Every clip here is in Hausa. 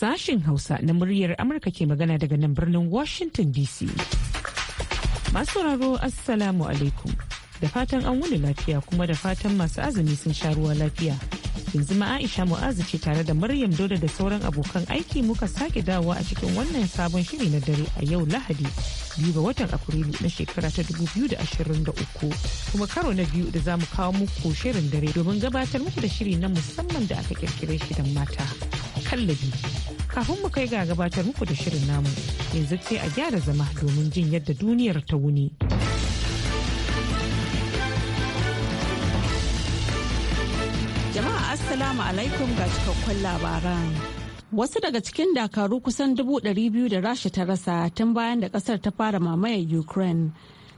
Sashen Hausa na muryar Amurka ke magana daga nan birnin Washington DC. Masu sauraro Assalamu alaikum. Da fatan an wuni lafiya kuma da fatan masu azumi sun sha ruwa lafiya. yanzu ma aisha mu'azu ce tare da maryam dole da sauran abokan aiki muka sake dawowa a cikin wannan sabon shiri na dare a yau lahadi biyu ga watan afrilu na shekara ta dubu biyu da da ashirin uku kuma karo na biyu da zamu kawo muku shirin dare domin gabatar muku da shiri na musamman da aka kirkire shi da mata kallabi kafin mu kai ga gabatar muku da shirin namu yanzu sai a gyara zama domin jin yadda duniyar ta wuni. Assalamu alaikum ga cikakkun labaran. Wasu daga cikin dakaru kusan dubu ɗari biyu da rasha ta rasa tun bayan da ƙasar ta fara mamayar Ukraine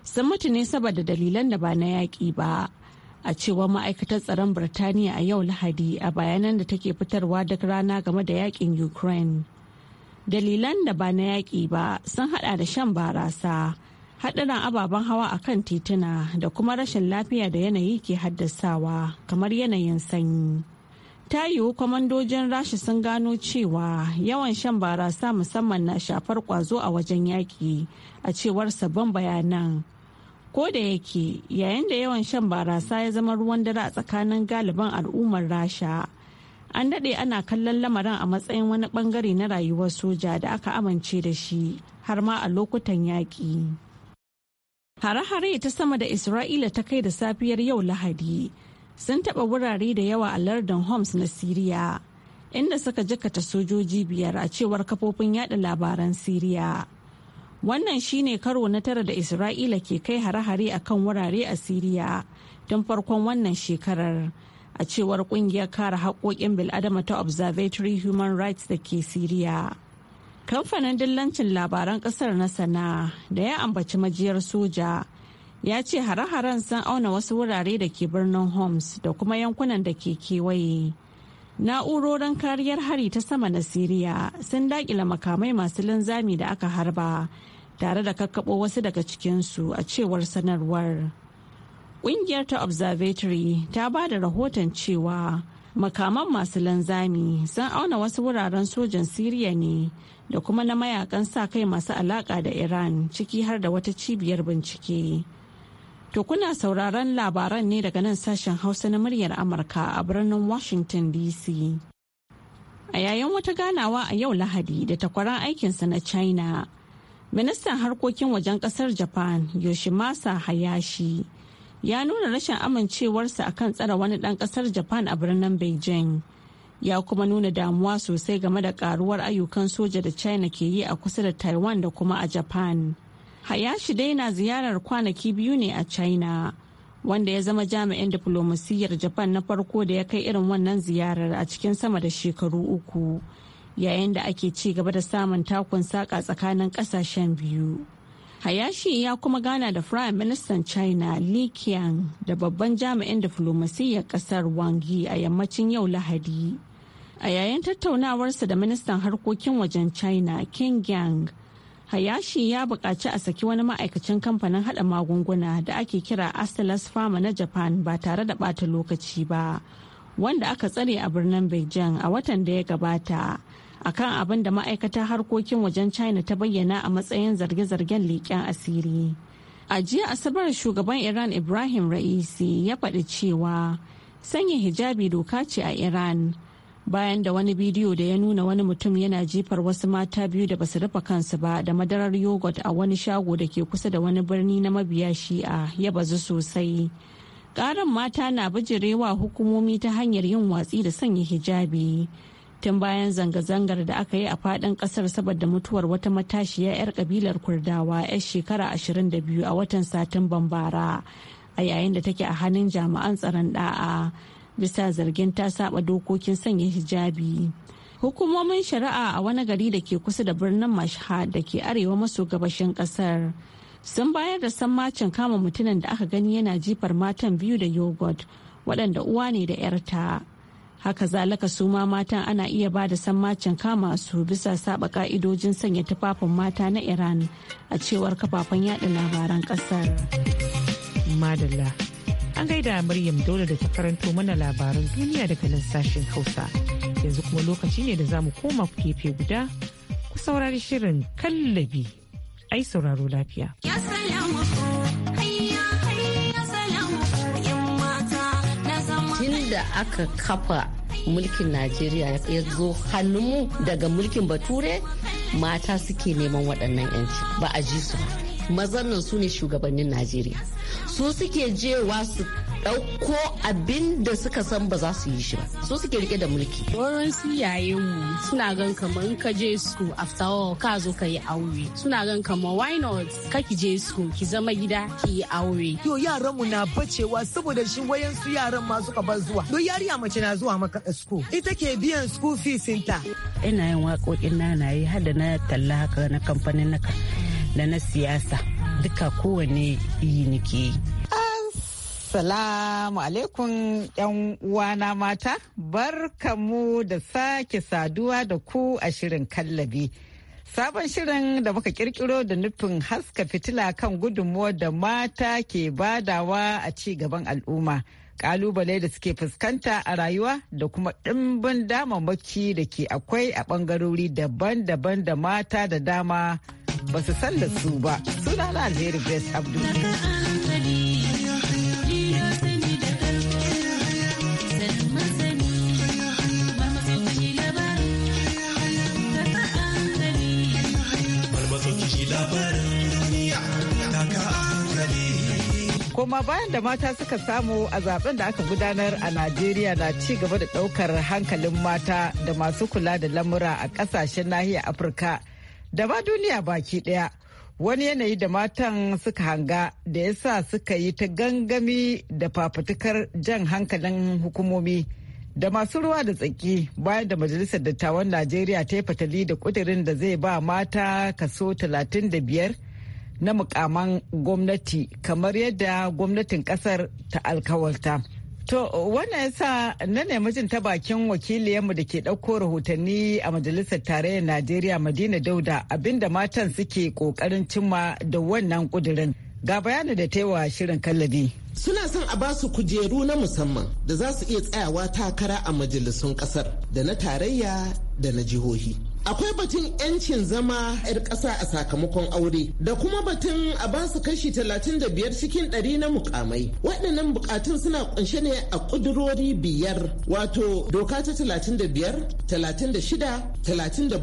sun mutu ne saboda dalilan da ba na yaƙi ba. A cewar ma'aikatar tsaron Birtaniya a yau Lahadi a bayanan da take fitarwa duk rana game da yaƙin Ukraine. Dalilan da ba na yaƙi ba sun haɗa da shan barasa. haɗarin ababen hawa a kan tituna da kuma rashin lafiya da yanayi ke haddasawa kamar yanayin sanyi ta yiwu kwamandojin rashi sun gano cewa yawan shan barasa musamman na shafar kwazo a wajen yaƙi a cewar sabbin bayanan ko da yake yayin da yawan shan barasa ya zama ruwan dare a tsakanin galiban al'ummar rasha an daɗe ana kallon lamarin a matsayin wani ɓangare na rayuwar soja da aka amince da shi har ma a lokutan yaƙi. Hare-hare ta sama da Isra'ila ta kai da safiyar yau Lahadi sun taɓa wurare da yawa a lardin Homs na Siriya, inda suka jikata sojoji biyar a cewar kafofin yada labaran Siriya. Wannan shine karo na tara da Isra'ila ke kai hare-hare a kan wurare a Siriya tun farkon wannan shekarar, a cewar kungiyar kare haƙoƙin bil'adama ta Observatory Human Rights da ke Siriya. kamfanin dillancin labaran kasar na sana'a da ya ambaci majiyar soja ya ce hare-haren sun auna wasu wurare da ke birnin homs da kuma yankunan da ke kewaye na'urorin kariyar hari ta sama na siriya sun dakila makamai masu linzami da aka harba tare da kakkaɓo wasu daga cikinsu a cewar sanarwar ƙungiyar ta observatory ta ba da rahoton cewa makaman masu linzami sun auna wasu wuraren sojan siriya ne da kuma na mayakan sa kai masu alaka da Iran ciki har da wata cibiyar bincike. To kuna sauraron labaran ne daga nan sashen Hausa na muryar Amurka a birnin Washington DC. A yayin wata ganawa a yau Lahadi da takwaran aikinsa na China, ministan harkokin wajen kasar Japan Yoshimasa Hayashi. ya nuna rashin amincewarsa akan tsara wani dan ƙasar japan a birnin beijing ya kuma nuna damuwa sosai game da karuwar ayyukan soja da china ke yi a kusa da taiwan da kuma a japan hayashi dai na ziyarar kwanaki biyu ne a china wanda ya zama jami'in diflomasiyyar japan na farko da ya kai irin wannan ziyarar a cikin sama da shekaru uku yayin da ake ci gaba da samun takun saka tsakanin kasashen biyu hayashi ya kuma gana da prime minister china li qiang da babban jami'in diflomasiyyar kasar wang a yammacin yau lahadi a yayin tattaunawarsa da ministan harkokin wajen china king yang hayashi ya buƙaci a saki wani ma'aikacin kamfanin hada magunguna da ake kira astellas pharma na japan ba tare da bata lokaci ba wanda aka tsare a birnin beijing a watan da ya gabata akan abin da ma'aikatar harkokin wajen china ta bayyana a matsayin zarge-zargen leƙen asiri a jiya asabar shugaban iran ibrahim ra'isi ya faɗi cewa sanya hijabi doka ce a iran bayan da wani bidiyo da ya nuna wani mutum yana jifar wasu mata biyu da basu rufe kansu ba da madarar yogurt a wani shago da ke kusa da wani birni na mabiya shi'a ya bazu sosai Karin mata na bijirewa hukumomi ta hanyar yin watsi da sanya hijabi tun bayan zanga-zangar da aka yi a faɗin ƙasar saboda mutuwar wata matashiya 'yar kabilar kurdawa 'yar shekara 22 a watan satin Bambara, a yayin da take a hannun jami'an tsaron da'a bisa zargin ta saba dokokin sanya hijabi hukumomin shari'a a wani gari da ke kusa da birnin mashhad da ke arewa maso gabashin kasar sun bayar da sammacin kama mutumin da aka gani yana jifar matan biyu da yogurt waɗanda uwa ne da 'yarta haka zalaka su ma matan ana iya ba da sammacin kama su bisa saba ka'idojin sanya tufafin mata na iran a cewar kafafen yada labaran ƙasar madalla An gaida Maryam dole da ta karanto mana labaran duniya daga nan sashen Hausa. Yanzu kuma lokaci ne da za mu koma gefe guda ku saurari shirin kallabi. Ai sauraro lafiya. Tun da aka kafa mulkin Najeriya ya zo hannunmu daga mulkin Bature mata suke neman waɗannan 'yanci ba a ji su. mazan nan su ne shugabannin najeriya su suke jewa su ɗauko abin da suka san ba za su yi shi ba su suke rike da mulki su yaye mu suna gan kamar in ka je su after all ka zo ka yi aure suna gan kamar why not ka ki je su ki zama gida ki yi aure yo yaran mu na bacewa saboda shi wayan su yaran ma suka bar zuwa don yariya mace na zuwa maka school ita ke biyan school fees ta ina yin waƙoƙin na na yi har da na talla haka na kamfanin naka da na siyasa duka kowane yi nike yi. alaikum yan uwana mata, barkamu da sake saduwa da ku a shirin kallabi. Sabon shirin da muka kirkiro da nufin haska fitila kan gudunmuwa da mata ke badawa a ci gaban al'umma. Kalubale da suke fuskanta a rayuwa da kuma ɗimbin damammaki da ke akwai a ɓangarori daban-daban da mata da dama ba su san da su ba suna na alheri grace abdul koma bayan da mata suka samu a zaben da aka gudanar a najeriya na ci gaba da ɗaukar hankalin mata da masu kula da lamura a kasashen nahiyar afirka da ba duniya baki daya wani yanayi da matan suka hanga da ya sa suka yi ta gangami da fafutukar jan hankalin hukumomi da masu ruwa da tsaki bayan da majalisar dattawan najeriya ta yi fatali da kudirin da zai ba mata kaso 35 na mukaman gwamnati kamar yadda gwamnatin kasar ta alkawarta. To wannan yasa na nemi jin ta bakin wakiliyarmu da ke ɗauko rahotanni a Majalisar Tarayyar Najeriya Madina Dauda abinda matan suke ƙoƙarin cimma da wannan ƙudurin. Ga bayani da taiwa shirin kallabi. suna son a basu kujeru na musamman da za su iya tsayawa takara a majalisun ƙasar da na tarayya da na jihohi akwai batun 'yancin zama 'yar ƙasa a sakamakon aure da kuma batun a ba su kashi 35 cikin 100 na mukamai waɗannan bukatun suna kunshe ne a ƙudurori biyar wato doka ta 35 36 37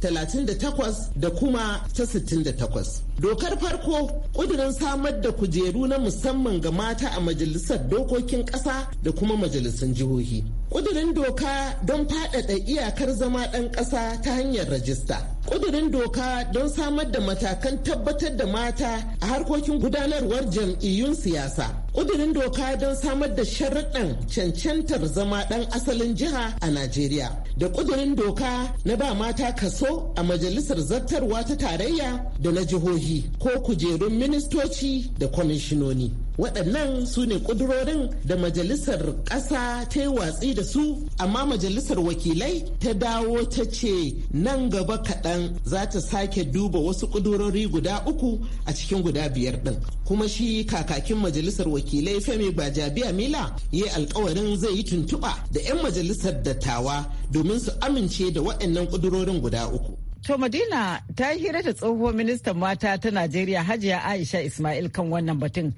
38 da kuma ta 68 Dokar farko ƙudurin samar da kujeru na musamman ga mata a majalisar dokokin ƙasa da kuma majalisun jihohi. Ƙudurin doka don faɗaɗa iyakar zama ɗan ƙasa ta ta hanyar rajista. Ƙudurin doka don samar da matakan tabbatar da mata a harkokin gudanarwar jam'iyyun siyasa. Ƙudurin doka don samar da sharaɗin cancantar zama ɗan asalin jiha a Najeriya. Da ƙudurin doka na ba mata kaso a majalisar zartarwa ta tarayya da na jihohi ko kujerun ministoci da kwamishinoni. waɗannan su ne ƙudurorin da majalisar ƙasa ta yi watsi da su amma majalisar wakilai ta dawo ta ce nan gaba kaɗan za ta sake duba wasu ƙudurori guda uku a cikin guda biyar ɗin kuma shi kakakin majalisar wakilai femi bajabiya mila ya yi alkawarin zai yi tuntuɓa da 'yan majalisar dattawa domin su amince da waɗannan ƙudurorin guda uku To Madina ta yi hira da tsohuwar ministan mata ta Najeriya Hajiya Aisha Ismail kan wannan batun.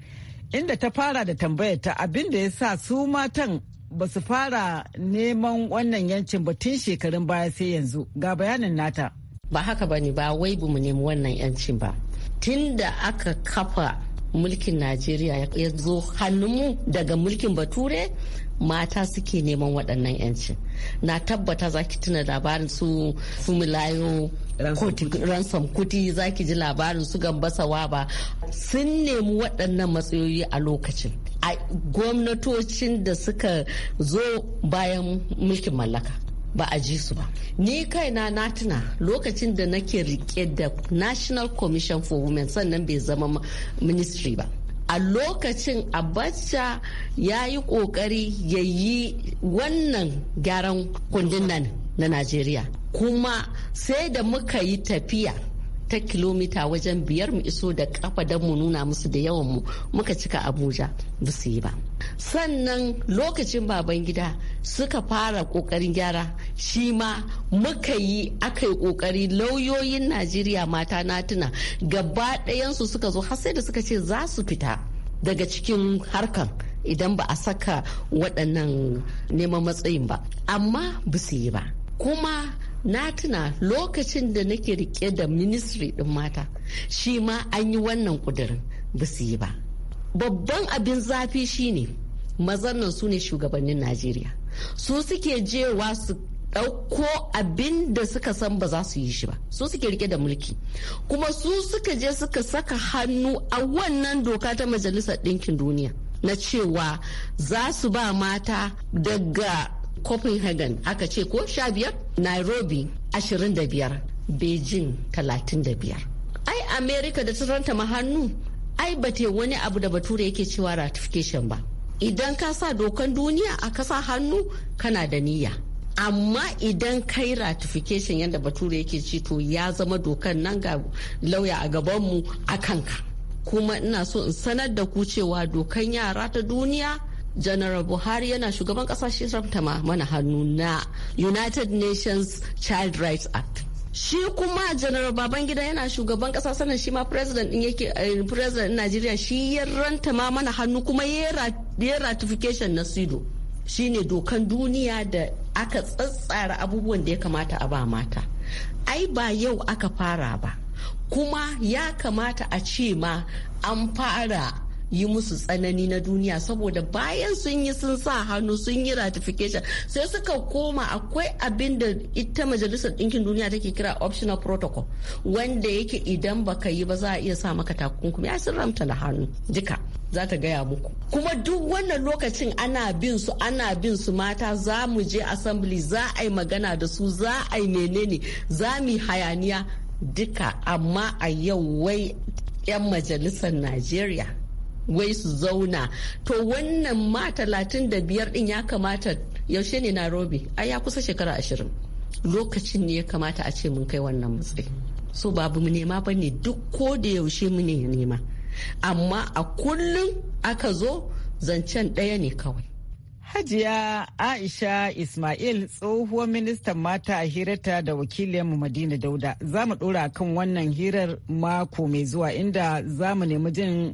inda ta fara da tambayar ta abin da ya sa su matan ba su fara neman wannan yancin ba tun shekarun baya sai yanzu ga bayanin nata. Ba haka ba ne ba wai mu nemi wannan yancin ba. Tun da aka kafa mulkin najeriya ya zo hannunmu daga mulkin bature mata suke neman waɗannan 'yancin na tabbata za ki tuna labarin su fumilayo ransom kuti za ki ji labarin su gambasawa ba sun nemi waɗannan matsayoyi a lokacin a gwamnatocin da suka zo bayan mulkin mallaka ba a ji su ba ni kaina na tuna lokacin da nake rike da national commission for women sannan bai zama ministry ba a lokacin abacha ya yi kokari ya yi wannan gyaran kundin nan na najeriya kuma sai da muka yi tafiya ta kilomita wajen biyar mu iso da kafa don mu nuna musu da yawan mu muka cika abuja ba su yi ba sannan lokacin baban gida suka fara kokarin gyara shi ma muka yi aka yi kokari lauyoyin najeriya mata na tuna gaba ɗayansu suka zo har sai da suka ce za su fita daga cikin harkan idan ba a saka waɗannan neman matsayin ba amma ba su yi ba kuma na tuna lokacin da nake rike da ministry din mata shi ma an yi wannan kudirin ba su yi ba babban abin zafi shine mazan nan su ne shugabannin najeriya su suke jewa su ɗauko abin da suka san ba za su yi shi ba su suke rike da mulki kuma su suka je suka saka hannu a wannan doka ta majalisar ɗinkin duniya na cewa za su ba mata daga copenhagen aka ce ko sha biyar nairobi ashirin da biyar beijing talatin da biyar ai Amerika da ta ma hannu ai ba wani abu da bature yake cewa ratification ba idan ka sa dokan duniya a kasa hannu kana da niyya amma idan kai ratification yadda bature yake ci to ya zama dokan nan ga lauya a gabanmu a kanka kuma ina so in sanar da ku cewa dokan yara ta duniya janaral buhari yana shugaban kasa shi ma mana hannu na united nations child rights act shi kuma general babangida yana shugaban kasa sanan shi ma president din yake eh, president nigeria shi ya ranta ma mana hannu kuma ya ratification na sido ne dokan duniya da aka tsatsara abubuwan da ya kamata a ba mata ai ba yau aka fara ba kuma ya kamata a ce ma an fara yi musu tsanani na duniya saboda bayan sun yi sun sa hannu sun yi ratification sai suka koma akwai abin da ita majalisar ɗinkin duniya take kira optional protocol wanda yake idan baka yi ba za a iya sa maka takunkumi ya sun ramta da hannu duka za ta gaya muku kuma duk wannan lokacin ana bin su ana bin su mata za mu je assembly za a yi magana da su za a yi menene za mu yi hayaniya duka amma a yau wai 'yan majalisar najeriya wai su zauna to wannan ma talatin da biyar din ya kamata yaushe ne nairobi ai ya kusa shekara ashirin lokacin ne ya kamata a ce mun kai wannan matsayi so babu mu nema ba ne duk ko da yaushe mu ne nema amma a kullum aka zo zancen ɗaya ne kawai Hajiya Aisha Ismail tsohuwar ministan mata a hirarta da mu Madina Dauda za mu ɗora kan wannan hirar mako mai zuwa inda za mu nemi jin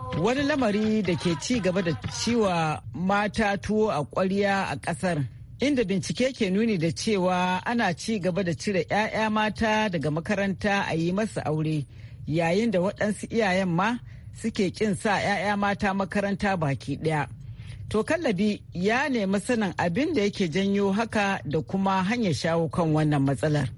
wani lamari da ke ci gaba da ciwa mata tuwo a ƙwarya a ƙasar inda bincike ke nuni da cewa ana ci gaba da cire 'ya'ya mata daga makaranta a yi masa aure yayin da waɗansu iyayen ma suke ƙin sa 'ya'ya mata makaranta baki ɗaya. To kallabi ya nemi sanin abin da yake janyo haka da kuma hanyar shawo kan wannan matsalar.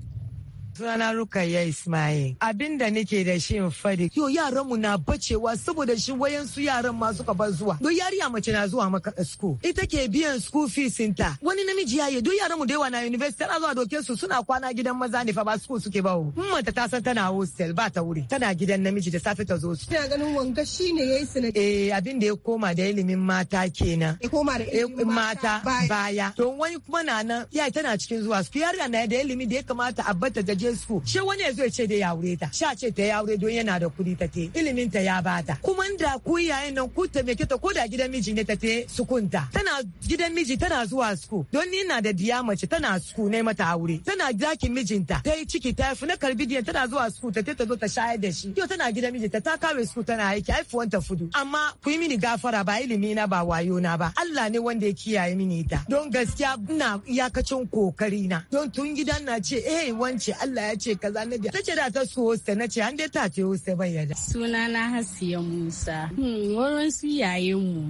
Sunana Rukayya Ismail. Abin da nake da shi in fadi. Yo yaran mu na bacewa saboda shi wayan su yaran ma suka bar zuwa. Do yariya mace na zuwa maka school. Ita ke biyan school fees ta. Wani namiji yayi do yaran mu da yawa na university tana zuwa doke su suna kwana gidan maza ne fa ba school suke bawo. Mun mata ta san tana hostel ba ta wuri. Tana gidan namiji da safe ta zo su. Ina ganin wanga shine yayi sanadi. Eh abin da ya koma da ilimin mata kenan. Ya koma da ilimin eh, mata baya. Don wani kuma na ya yayi tana cikin zuwa. Su yariya na da ilimi da ya kamata a bata da su shi wani ya ce da ya aure ta sha ce ta ya aure don yana da kuɗi ta te ilimin ta ya bata kuma da ku yayin nan ku taimake ta ko da gidan miji ne ta te sukunta tana gidan miji tana zuwa su don ni na da diya mace tana su ne mata aure tana dakin mijinta ta yi ciki ta fi na karbi diyan tana zuwa su ta te ta zo ta shayar da shi yau tana gidan miji ta ta kare su tana aiki haifuwan ta fudu amma ku yi mini gafara ba ilimi na ba wayo na ba Allah ne wanda ya kiyaye mini ta don gaskiya ina iyakacin kokari na don tun gidan na ce eh wance Allah Allah ya ce kaza na ta tace da ta su hosta ce an dai ta ce hosta bai yada suna na Hasiya Musa hmm, wurin su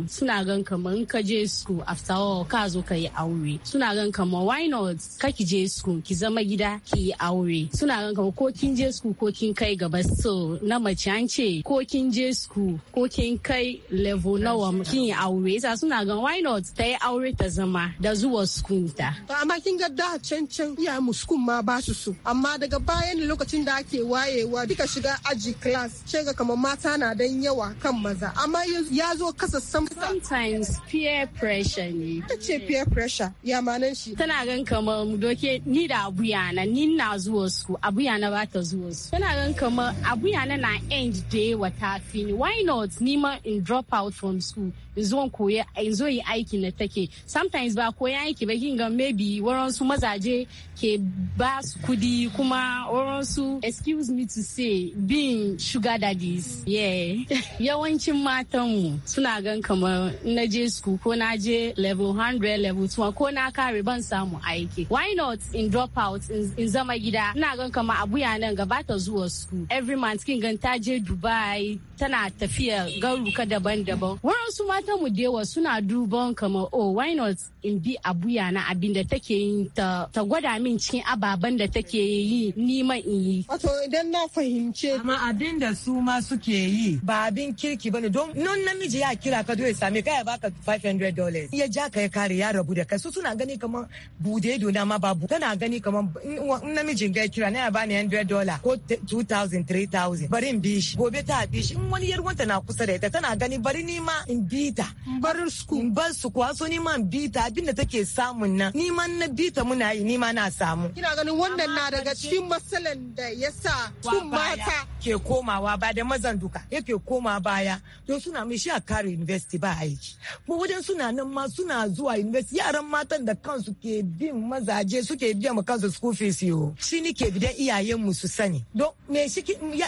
suna gan kamar ka je school after all ka zo ka yi aure suna gan kamar why not ka ki je school ki zama gida ki yi aure suna gan kamar ko kin je school ko kin kai gaba so na mace an ce ko kin je school ko kin kai level nawa kin yi aure yasa suna gan why not ta yi aure ta zama da zuwa school ta amma kin ga da can iya mu kun ma ba su su amma daga bayan lokacin da ake wayewa duka shiga aji class ce ga kamar mata na dan yawa kan maza amma ya zo kasa samsa sometimes peer pressure ne ta ce peer pressure ya manan shi tana gan kamar doke ni da abuyana, ni na zuwa su abuyana ba ta zuwa su tana gan kamar abuyana na na end day wata fini why not ni ma in drop out from school zuwan koya eh, zo yi aiki na take sometimes ba koya aiki ba kin ga maybe waran su mazaje ke ba su kudi kuma waran su excuse me to say being sugar daddies yeah yawancin matan mu suna gan kamar na je school ko na je level 100 level 2 ko na kare ban samu aiki why not in drop out in zama gida ina gan kamar ya nan gaba ta zuwa school every month kin ta je dubai tana tafiya garuka daban-daban waran su ma mata mu dewa suna duban kamar oh why not in bi abuya na abin da take yi ta, ta gwada min cikin ababen da take yi n'i ma in yi. Wato idan na fahimce. Amma abin da su ma suke yi ba abin kirki bane don non namiji ya kira ka ya same ka ya baka 500 dollars. Ya ja ka ya kare ya rabu da kai su suna gani kamar bude na ma babu tana gani kamar in namijin ga kira na ya bani 100 dollars ko 2000 3000 bari in bi shi gobe ta bi shi in wani yarwanta na kusa da ita tana gani bari ni ma in bi bita barin su bar su kuwa so niman bita abinda take samun nan niman na bita muna yi nima na samu kina ganin wannan na daga cikin matsalan da yasa sun mata ke komawa ba da mazan duka yake koma baya don suna mai shi a kare university ba aiki kuma wajen suna nan ma suna zuwa university yaran matan da kansu ke bin mazaje suke biya ma kansu school fees yo shi ni ke bidan iyayen mu su sani don me shi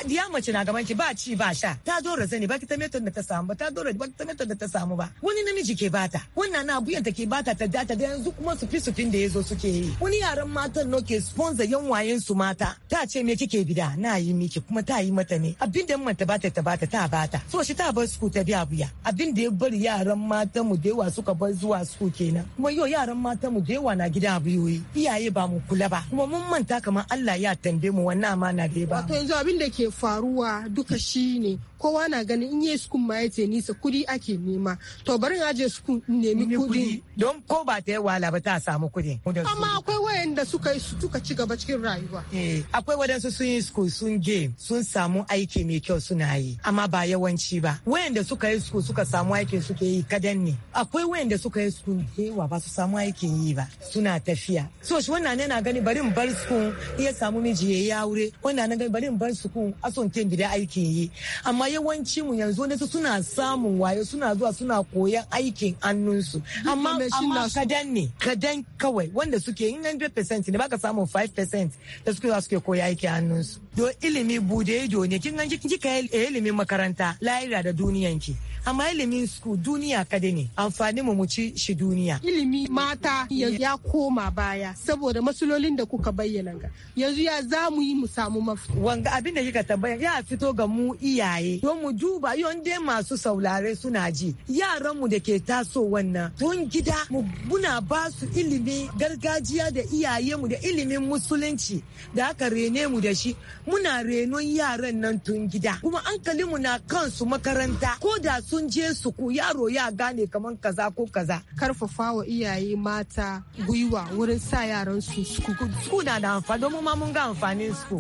ya mace na gaban ki ba ci ba sha ta zo razani ba ki ta metan da ta samu ba ta zo razani ba ki ta metan da ta samu ba wani namiji ke bata wannan na abuyan ta ke bata ta data da yanzu kuma su fi sufin da yazo suke yi wani yaran matan no ke sponsor yan wayen su mata ta ce me kike bida na yi miki kuma ta yi mata ne abin da ta bata ta bata ta bata so shi ta bar su ta biya buya abin da ya bari yaran matan mu da yawa suka bar zuwa su kenan kuma yau yaran matan mu da yawa na gida abuyoyi iyaye ba mu kula ba kuma mun manta kamar Allah ya tambaye mu wannan amana da ya ba wato yanzu abin da ke faruwa duka shine kowa na ganin in yi sukun ma yace nisa kudi ake nema to bari ya je sukun nemi kudi don ko ba ta yi wala ba ta samu kudi amma akwai wayanda suka yi suka ci gaba cikin rayuwa eh, akwai wadansu sun yi sukun sun je sun samu aiki mai kyau suna yi amma ba yawanci ba wayanda suka yi sukun suka samu aikin suke yi kadan ne akwai wayanda suka yi sukun yawa ba su samu aikin yi ba suna tafiya so shi wannan yana gani bari in bar sukun iya samu miji ya yi aure wannan na gani bari in bar sukun ason gida aikin yi amma yawanci mu yanzu ne su suna samun waye suna zuwa suna koyan aikin annunsu amma amma kadan ne kadan kawai wanda suke in 100% ne baka samu 5% da suke za suke koya aikin annunsu do ilimi bude ido ne kin ganci kika ilimin makaranta lahira da duniyanki amma ilimin su duniya kada ne amfani mu mu shi duniya ilimi mata ya koma baya saboda masulolin da kuka bayyana ga yanzu ya za mu yi mu samu mafita wanga abin da kika tambaya ya fito ga mu iyaye don mu duba yon dai masu saulare suna ji yaran mu da ke taso wannan tun gida mu muna ba su ilimi gargajiya da iyaye mu da ilimin musulunci da aka rene mu da shi muna renon yaran nan tun gida kuma ankalinmu na kansu makaranta ko da su sun je su ku yaro ya gane kamar kaza ko kaza karfafa wa iyaye mata gwiwa wurin sa yaran su su na da amfani domin ma mun ga amfanin su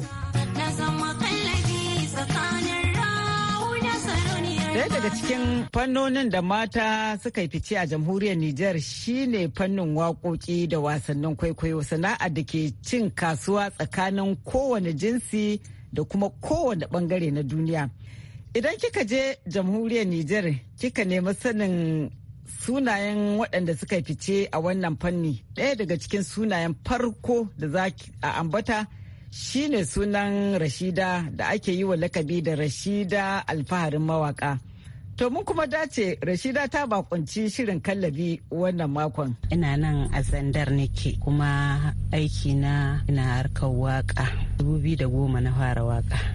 Daya daga cikin fannonin da mata suka yi fice a jamhuriyar Nijar shine fannin waƙoƙi da wasannin kwaikwayo sana'a da ke cin kasuwa tsakanin kowane jinsi da kuma kowane bangare na duniya. Idan kika je jamhuriyar Nijar kika nemi sanin sunayen waɗanda suka fice a wannan fanni ɗaya daga cikin sunayen farko da za a ambata shine sunan Rashida da ake yi wa lakabi da Rashida alfaharin mawaka. To mun kuma dace Rashida ta bakunci shirin kallabi wannan makon. Ina nan a zandar nake kuma aiki na ina harkar waka. goma na fara waka.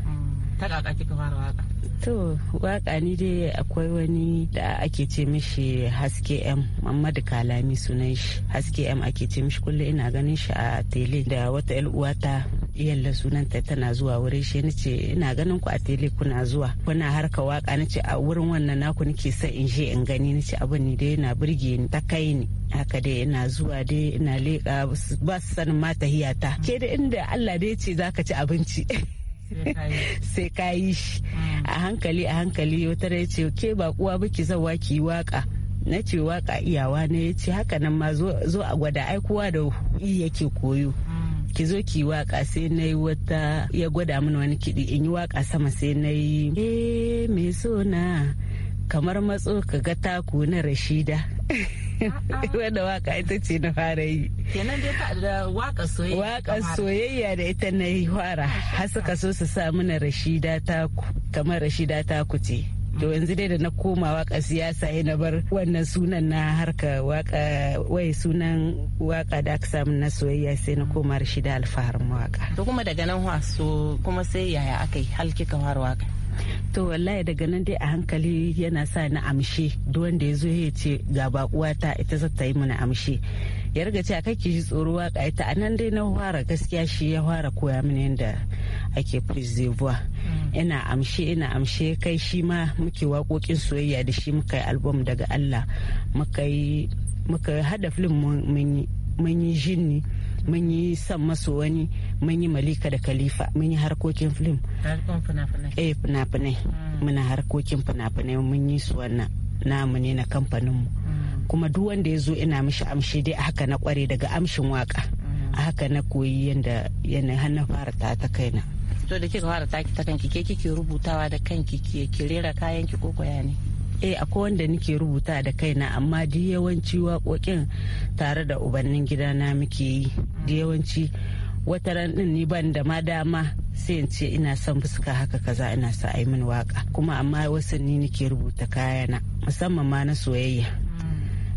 ta kaka kika fara waka to waka ni dai akwai wani da ake ce mishi haske m mamadu kalami sunan shi haske m ake ce mishi kullum ina ganin shi a tele da wata yan uwata iyalla sunanta tana zuwa wurin shi ni ce ina ganin ku a tele kuna zuwa kuna harka waka ni ce a wurin wannan naku nake sa in je in gani ni ce abin ni dai na burge ni ta kai ni haka dai ina zuwa dai ina leƙa ba su sanin ma tahiyata ke da inda Allah dai ce zaka ci abinci sai ka yi shi mm. a hankali a hankali wata da ce ke ba kuwa biki zawa ki yi waka na ce waka iyawa ne ya ce haka nan ma zo a gwada aikuwa da yi yake koyo mm. ki zo ki waka sai na yi wata ya gwada mini wani kiɗi in yi waka sama sai na yi e mai so na kamar matso ka ga taku na rashida Wanda waka ita ce na fara yi. Kenan dai da waka soyayya. Waka soyayya da ita na yi fara har suka so su sa mana Rashida ta kamar Rashida ta ce. To yanzu dai da na koma waka siyasa ya na bar wannan sunan na harka waka wai sunan waka da aka samu na soyayya sai na koma Rashida alfaharin waka. To kuma daga nan so kuma sai yaya aka yi fara waka. to wallahi daga nan dai a hankali yana sa na amshi duk wanda ya zo ya ce ga bakuwata ita za ta yi mana amshi ya riga ce kai ki ji tsoro waka ita a nan dai na fara gaskiya shi ya fara koya mini yadda ake preservoir mm. ina amshe ina amshe kai shi ma muke waƙoƙin soyayya da shi muka yi album daga Allah muka yi muka hada film mun yi jinni mun yi san maso wani mun yi malika da khalifa mun yi harkokin film eh fina-finai hmm. muna harkokin fina-finai mun yi su wannan namu ne na kamfaninmu hmm. kuma duk wanda ya zo ina mishi amshi dai haka na kware daga amshin waka hmm. a haka na koyi yadda yana hannun fara ta ta kaina to da kika fara ta ta kanki ke kike rubutawa da kanki ke rera kayan ki ko koya ne eh akwai wanda nake rubuta da kaina amma di yawanci waƙoƙin tare da ubannin gidana muke yi da yawanci wata ran din ni ban da ma dama sai in ce ina son fuska haka kaza ina sa ai min waka kuma amma wasu ni nake rubuta kayana musamman ma na soyayya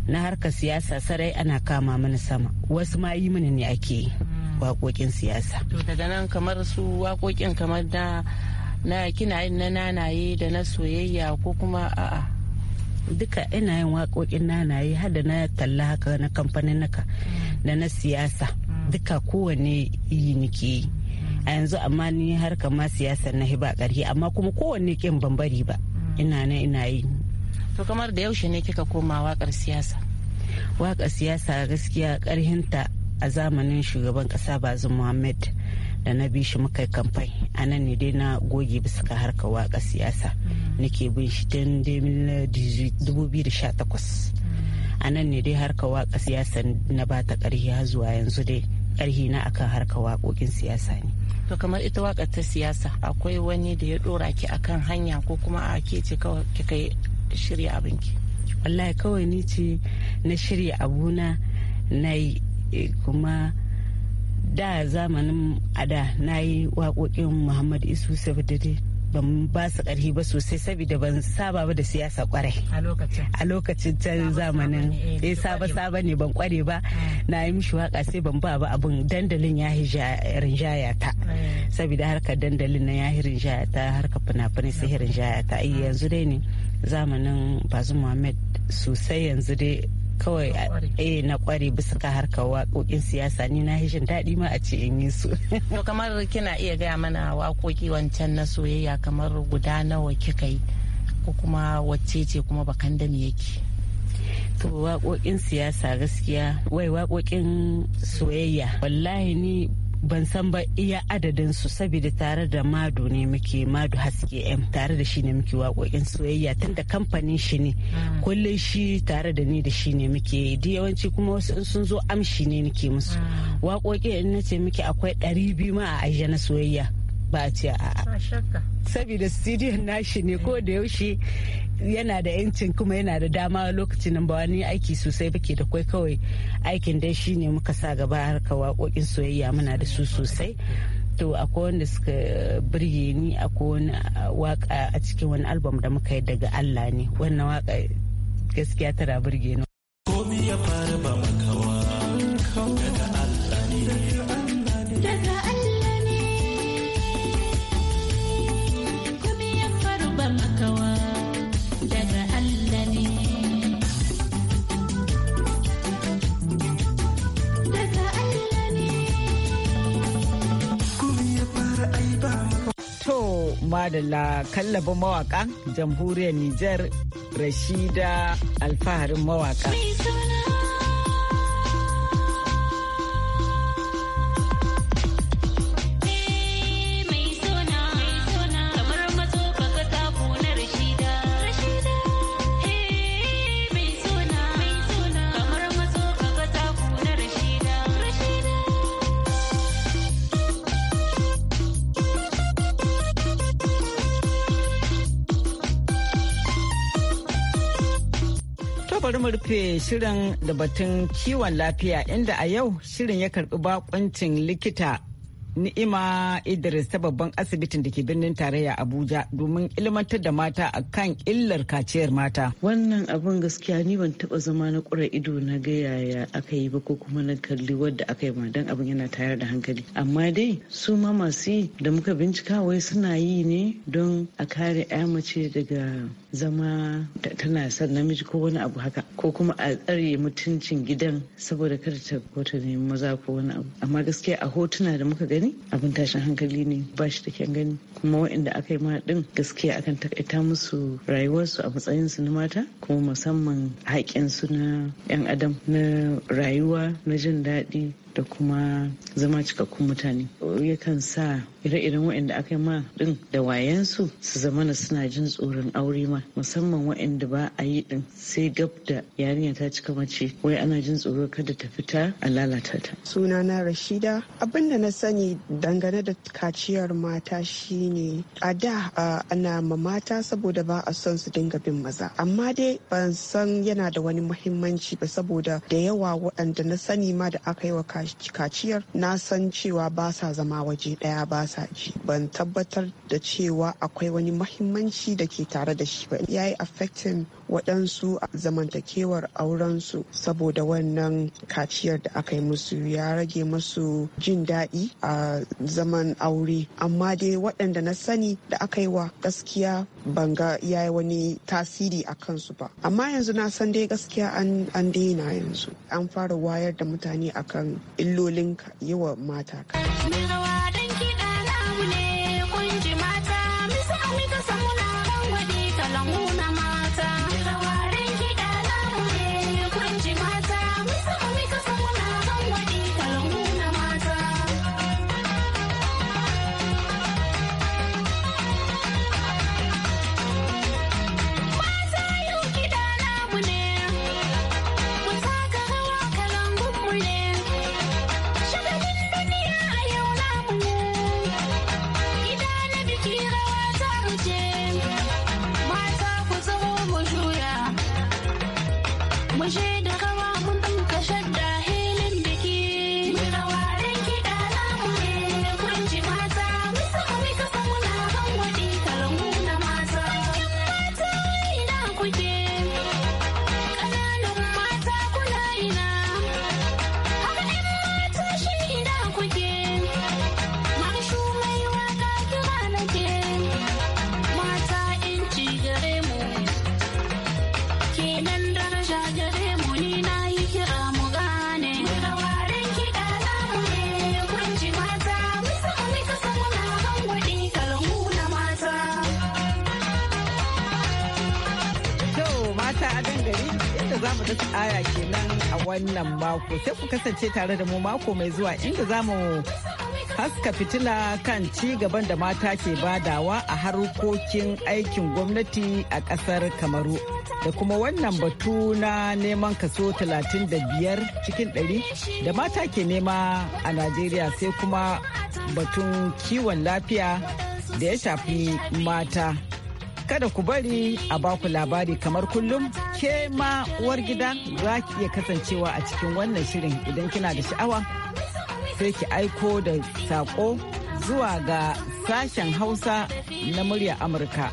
na harka siyasa sarai ana kama mana sama wasu ma yi mini ne ake yi waƙoƙin siyasa to daga nan kamar su waƙoƙin kamar na na kina yin na nanaye da na soyayya ko kuma a'a duka ina yin waƙoƙin nanaye hada na talla haka na kamfanin naka da na siyasa duka kowanne yi nike yi a yanzu amma ni har kama siyasa na hiba ƙarhi amma kuma kowanne kin bambari ba ina na ina yi to kamar da yaushe ne kika koma waƙar siyasa waƙar siyasa gaskiya ƙarhinta a zamanin shugaban ƙasa bazin muhammad da na bi shi muka kamfai a nan ne dai na goge bisa ka harkar waka siyasa mm. nake bin shi tun 2018 mm. a nan ne dai harkar waka siyasa na ba ta karhi har zuwa yanzu dai karhi na akan harkar wakokin siyasa ne to kamar ita wakar ta siyasa akwai wani da ya dora ki akan hanya ko kuma a ke ce kawai kai shirya abinki wallahi kawai ni ce na shirya abuna na yi eh, kuma da zamanin ada na yi waƙoƙin muhammad isu sabidade ban ba su ƙarfi ba sosai saboda ban saba ba da siyasa kwarai a lokacin can zamanin eh, eh saba saba ne ban kware ba eh. na yi mishi waka sai ban ba ba abin dandalin ya rinjaya ta eh. saboda harkar dandalin na ya rinjaya ta harkar fina-finai sai rinjaya ta yanzu dai ne zamanin bazu muhammad sosai yanzu dai kawai eh na kware bisa ka harka waƙoƙin siyasa ni na hishin daɗi ma a ce in yi su to kamar kina iya gaya mana waƙoƙi wancan na soyayya kamar guda nawa kika yi ko kuma wacce ce kuma bakan da yake to waƙoƙin siyasa gaskiya wai waƙoƙin soyayya wallahi ni ban san ba iya adadin su saboda tare da madu ne muke madu haske m tare da shi ne muke waƙoƙin soyayya tun da kamfanin shi ne hmm. kullum shi tare da ni da shi ne muke duk yawanci kuma wasu sun zo amshi ne nake musu hmm. waƙoƙi in ce muke akwai ɗari biyu ma a ajiye na soyayya ba a ce a'a saboda studio nashi ne ko da yaushe yana da yancin kuma yana da dama lokacin nan ba wani aiki sosai ba ke da kwai kawai aikin dai shine muka sa gaba harka waƙoƙin soyayya muna da su sosai to akwai wanda suka birge ni akwai wani waka a cikin wani album da muka yi daga Allah ne wannan waka gaskiya tana birge ni la kallaba mawaka jamhuriyar Nijar Rashida alfaharin mawaka. bari mu rufe shirin da batun kiwon lafiya inda a yau shirin ya karbi bakuncin likita Ni'ima Idris ta babban asibitin da ke birnin tarayya Abuja domin ilmantar da mata a kan illar kaciyar mata. Wannan abun gaskiya ni ban taba zama na kura ido na ga yaya aka yi ba ko kuma na kalli wadda aka yi ma dan abin yana tayar da hankali. Amma dai su ma masu yi da muka bincika wai suna yi ne don a kare 'ya mace daga zama tana son namiji ko wani abu haka ko kuma a tsare mutuncin gidan saboda kada ta ko ta maza ko wani abu. Amma gaskiya a hotuna da muka gani gani abin tashin hankali ne ba shi da kyan gani kuma waɗanda aka yi ma din gaskiya akan takaita musu rayuwarsu a matsayin su na mata kuma musamman haƙƙin su na 'yan adam na rayuwa na jin daɗi da kuma zama cikakkun mutane yakan sa ire-iren waɗanda aka yi ma ɗin da wayansu su zama na suna jin tsoron aure ma musamman waɗanda ba a yi ɗin sai gab da yarinya ta cika mace wai ana jin tsoro kada ta fita a lalata ta. suna na rashida abin da na sani dangane da kaciyar mata shine a da ana ma mata saboda ba a son su dinga bin maza amma dai ban san yana da wani muhimmanci ba saboda da yawa waɗanda na sani ma da aka yi wa kaciyar na san cewa ba sa zama waje ɗaya ba sa ji ban tabbatar da cewa akwai wani mahimmanci da ke tare da shi ba ya yi affecting waɗansu a zamantakewar aurensu saboda wannan kaciyar da aka yi musu ya rage musu jin daɗi a zaman aure amma dai waɗanda na sani da aka yi wa gaskiya banga ya yi wani tasiri a kansu ba amma yanzu na san dai gaskiya an daina yanzu an fara wayar da mutane akan illolin yi wa mata mako sai ku kasance tare da mu mako mai zuwa inda za mu haska fitila kan ci gaban da mata ke badawa a harkokin aikin gwamnati a kasar kamaru da kuma wannan batu na neman kaso 35 cikin 100 da mata ke nema a najeriya sai kuma batun kiwon lafiya da ya shafi mata Kada ku bari a baku labari kamar kullum ke ma uwar gida za ki iya kasancewa a cikin wannan shirin idan kina da sha'awa sai ki aiko da saƙo zuwa ga sashen Hausa na murya Amurka.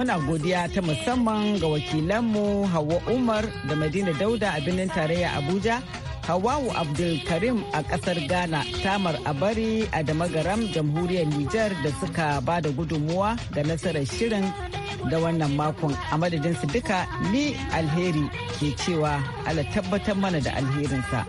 Muna godiya ta musamman ga wakilanmu Hauwa Umar da Madina Dauda a birnin tarayya Abuja. Hawawu Abdulkarim a ƙasar Ghana, Tamar Abari a Damagaram, Jamhuriyar Nijar da suka ba da gudunmuwa ga nasarar shirin da wannan makon a madadinsu duka ni alheri ke cewa ala tabbatar mana da alherinsa.